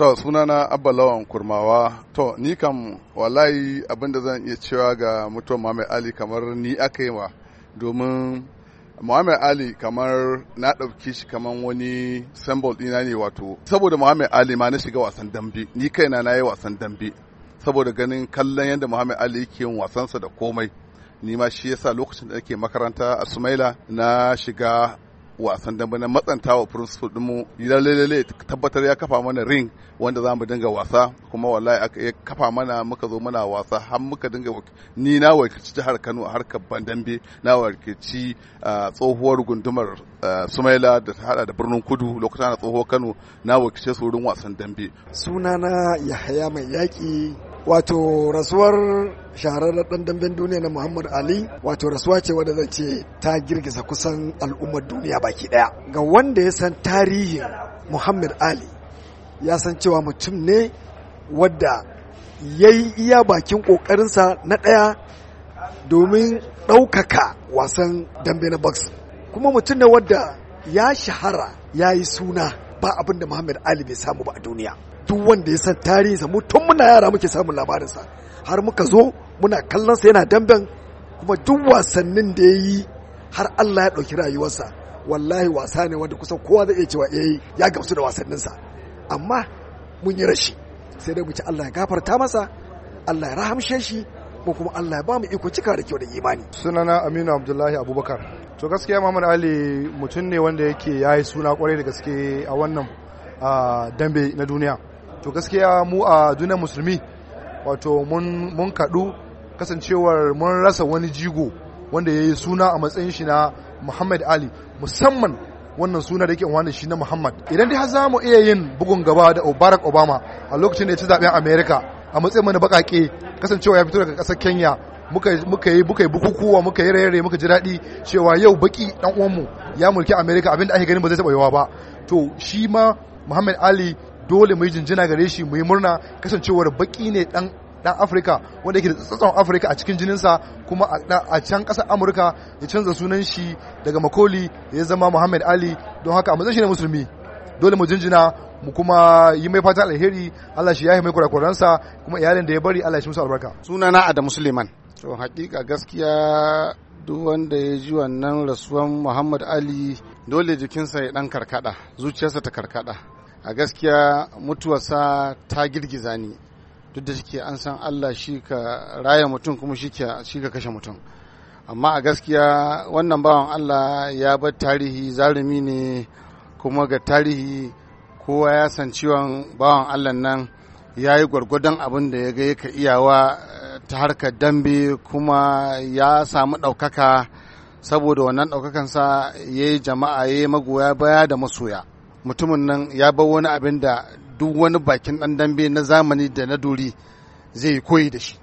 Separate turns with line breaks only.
To sunana Abba Lawan Kurmawa. To ni kam wallahi abin da zan iya cewa ga mutum Muhammad Ali kamar ni aka yi ma domin Muhammad Ali kamar na ɗauki shi kamar wani symbol ɗina ne wato. Saboda Muhammad Ali ma na shiga wasan dambe, ni kaina na yi wasan dambe. Saboda ganin kallon yadda Muhammad Ali yake yin wasansa da komai. Ni ma shi yasa lokacin da ake makaranta a Sumaila na shiga wasan dambe na matsanta wa din mu lalle tabbatar ya kafa mana ring wanda za mu dinga wasa kuma wallahi aka ya kafa mana muka zo muna wasa har muka dinga ni na wakilci jihar Kano a harkar bandambe na wakilci tsohuwar gundumar Sumaila da ta hada da birnin Kudu lokacin na tsohuwar Kano na wakilce su wurin wasan dambe
sunana Yahaya mai yaki wato rasuwar shahararren dan damben duniya na Muhammad Ali wato rasuwa ce wadda zan ce ta girgiza kusan al'ummar duniya baki daya ga wanda ya san tarihin Muhammad Ali ya san cewa mutum ne wadda ya yi iya bakin ƙoƙarinsa na ɗaya domin ɗaukaka wasan dambe na box kuma mutum ne wadda ya shahara ya yi suna ba abin da Muhammad Ali bai samu ba a duniya duk wanda ya san tarihinsa mu tun muna yara muke samun labarinsa har muka zo muna kallon sa yana damben kuma duk wasannin da ya yi har Allah ya ɗauki rayuwarsa wallahi wasa ne wanda kusan kowa zai iya cewa yi eh, ya gamsu da wasanninsa amma mun yi rashi sai dai mu ci Allah ya gafarta masa Allah ya rahamshe shi ko kuma Allah
ya ba mu iko cika da kyau da imani sunana Aminu Abdullahi Abubakar to gaskiya Muhammad Ali mutum ne wanda yake ya yi suna kwarai da gaske a wannan dambe na duniya to gaskiya mu a duniyar musulmi wato mun kaɗu kasancewar mun rasa wani jigo wanda ya yi suna a matsayin shi na Muhammad Ali musamman wannan suna da yake wani shi na Muhammad idan dai za mu iya yin bugun gaba da Barack Obama a lokacin da ya ci zaben America a matsayin mana bakake kasancewa ya fito daga ƙasar Kenya muka yi muka yi bukukuwa muka yi rayare muka ji daɗi cewa yau baki dan uwanmu ya mulki America abinda ake ganin ba zai taba yawa ba to shi ma Muhammad Ali dole mu yi jinjina gare shi mu yi murna kasancewar baki ne dan dan Afirka wanda yake da tsatsan Afirka a cikin jininsa kuma a can ƙasar Amurka ya canza sunan shi daga Makoli ya zama Muhammad Ali don haka a matsayin shi ne musulmi dole mu jinjina mu kuma yi mai fatan alheri Allah shi ya yi mai kurakuransa kuma iyalin da ya bari Allah shi musu albarka
sunana Adamu Suleiman to hakika gaskiya duk wanda ya ji wannan rasuwan muhammad ali dole jikinsa ya dan karkada zuciyarsa ta karkada a gaskiya mutuwarsa ta girgiza ni duk da shike an san allah shi ka raya mutum kuma shi ka kashe mutum amma a gaskiya wannan bawan allah ya bar tarihi zarumi ne kuma ga tarihi kowa ya san ciwon bawan allah nan ya yi gwargwadon abin da ya ga yaka iyawa ta harkar dambe kuma ya samu ɗaukaka saboda wannan ɗaukakansa ya yi jama'a ya yi magoya baya da masoya mutumin nan ya bar wani abin da duk wani bakin ɗan dambe na zamani da na duri zai koyi da shi